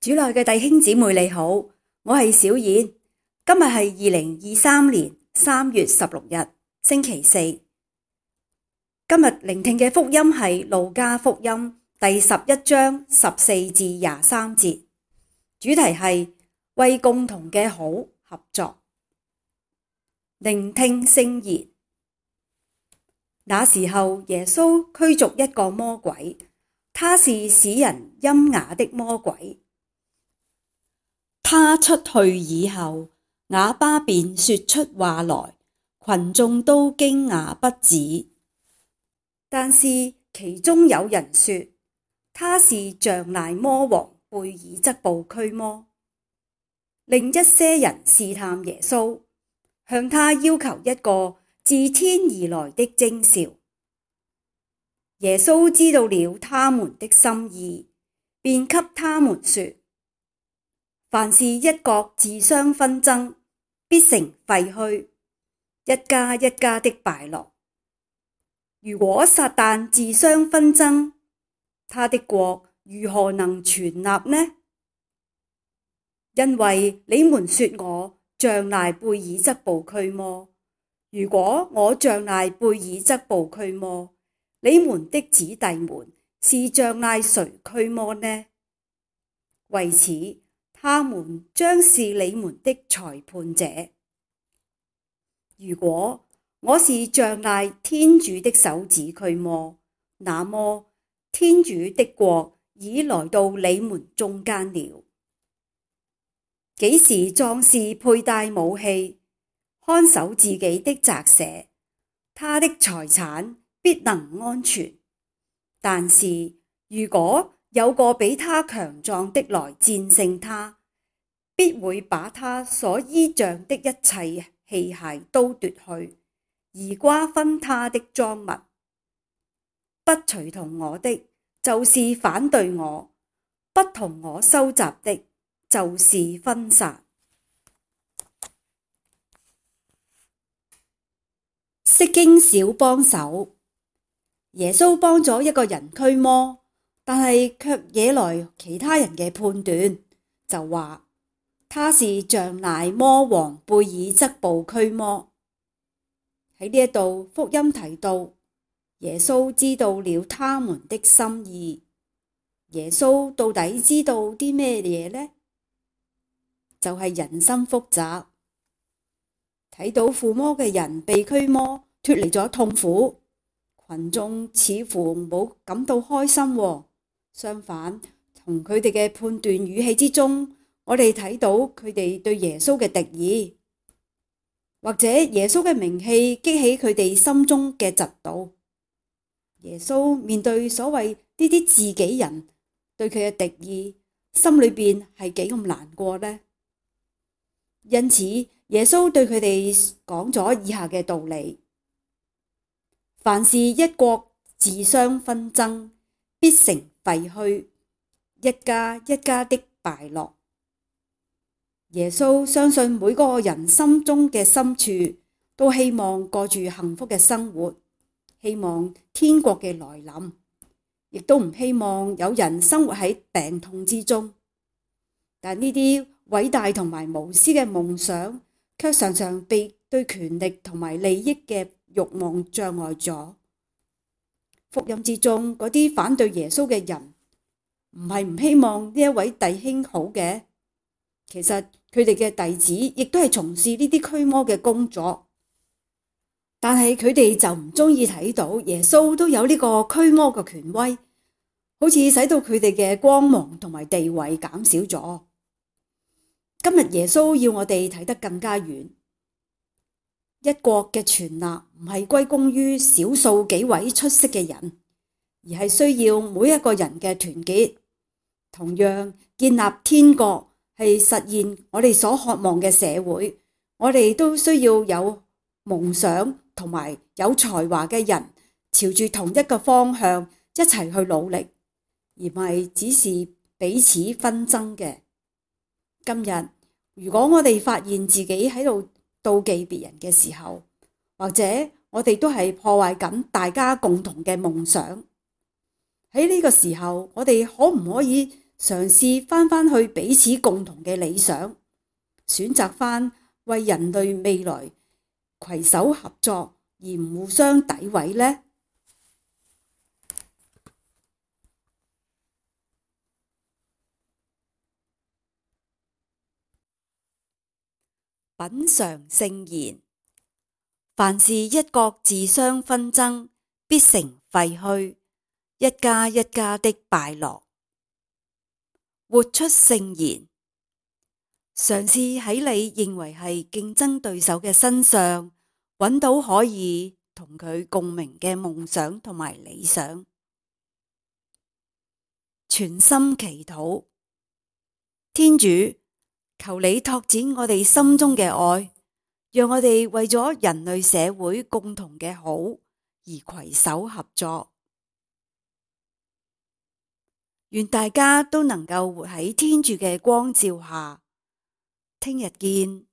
主內嘅弟兄姊妹，你好，我係小燕。今日係二零二三年三月十六日，星期四。今日聆聽嘅福音係路加福音第十一章十四至廿三節，主題係為共同嘅好合作。聆聽聖言。那時候耶穌驅逐一個魔鬼，他是使人瘖啞的魔鬼。他出去以後，啞巴便說出話來，群眾都驚訝不止。但是其中有人說，他是仗賴魔王，貝耳則步驅魔。另一些人試探耶穌，向他要求一個自天而來的徵兆。耶穌知道了他們的心意，便給他們說。凡是一國自相紛爭，必成廢墟，一家一家的敗落。如果撒殫自相紛爭，他的國如何能存立呢？因為你們說我仗賴貝耳則步驅魔，如果我仗賴貝耳則步驅魔，你們的子弟們是仗賴誰驅魔呢？為此。他們將是你們的裁判者。如果我是仗賴天主的手指驅魔，那麼，天主的國已來到你們中間了。幾時壯士佩帶武器，看守自己的宅舍，他的財產，必能安全。但是，如果有個比他強壯的來戰勝他，必會把他所依仗的一切器械都奪去，而瓜分他的贓物。不隨同我的，就是反對我；不同我收集的，就是分散。釋經小幫手，耶穌幫咗一個人驅魔。但係卻惹來其他人嘅判斷，就話他是仗賴魔王貝耳則步驅魔。喺呢一度福音提到耶穌知道了他們的心意。耶穌到底知道啲咩嘢呢？就係、是、人心複雜，睇到附魔嘅人被驅魔脫離咗痛苦，群眾似乎冇感到開心。相反，從佢哋嘅判斷語氣之中，我哋睇到佢哋對耶穌嘅敵意，或者耶穌嘅名氣激起佢哋心中嘅嫉妒。耶穌面對所謂呢啲自己人對佢嘅敵意，心裏邊係幾咁難過呢？因此，耶穌對佢哋講咗以下嘅道理：凡是一國自相紛爭，必成。廢墟，一家一家的敗落。耶穌相信每個人心中嘅深處都希望過住幸福嘅生活，希望天國嘅來臨，亦都唔希望有人生活喺病痛之中。但呢啲偉大同埋無私嘅夢想，卻常常被對權力同埋利益嘅欲望障礙咗。福音之中嗰啲反對耶穌嘅人，唔係唔希望呢一位弟兄好嘅。其實佢哋嘅弟子亦都係從事呢啲驅魔嘅工作，但係佢哋就唔中意睇到耶穌都有呢個驅魔嘅權威，好似使到佢哋嘅光芒同埋地位減少咗。今日耶穌要我哋睇得更加遠。一國嘅存立唔係歸功於少數幾位出色嘅人，而係需要每一個人嘅團結。同樣，建立天國係實現我哋所渴望嘅社會，我哋都需要有夢想同埋有才華嘅人，朝住同一個方向一齊去努力，而唔係只是彼此紛爭嘅。今日，如果我哋發現自己喺度。妒忌別人嘅時候，或者我哋都係破壞緊大家共同嘅夢想。喺呢個時候，我哋可唔可以嘗試翻翻去彼此共同嘅理想，選擇翻為人類未來攜手合作而唔互相詆毀呢？品嘗聖言，凡是一國自相紛爭，必成廢墟；一家一家的敗落。活出聖言，嘗試喺你認為係競爭對手嘅身上，搵到可以同佢共鳴嘅夢想同埋理想。全心祈禱，天主。求你拓展我哋心中嘅愛，讓我哋為咗人類社會共同嘅好而攜手合作。願大家都能夠活喺天主嘅光照下，聽日見。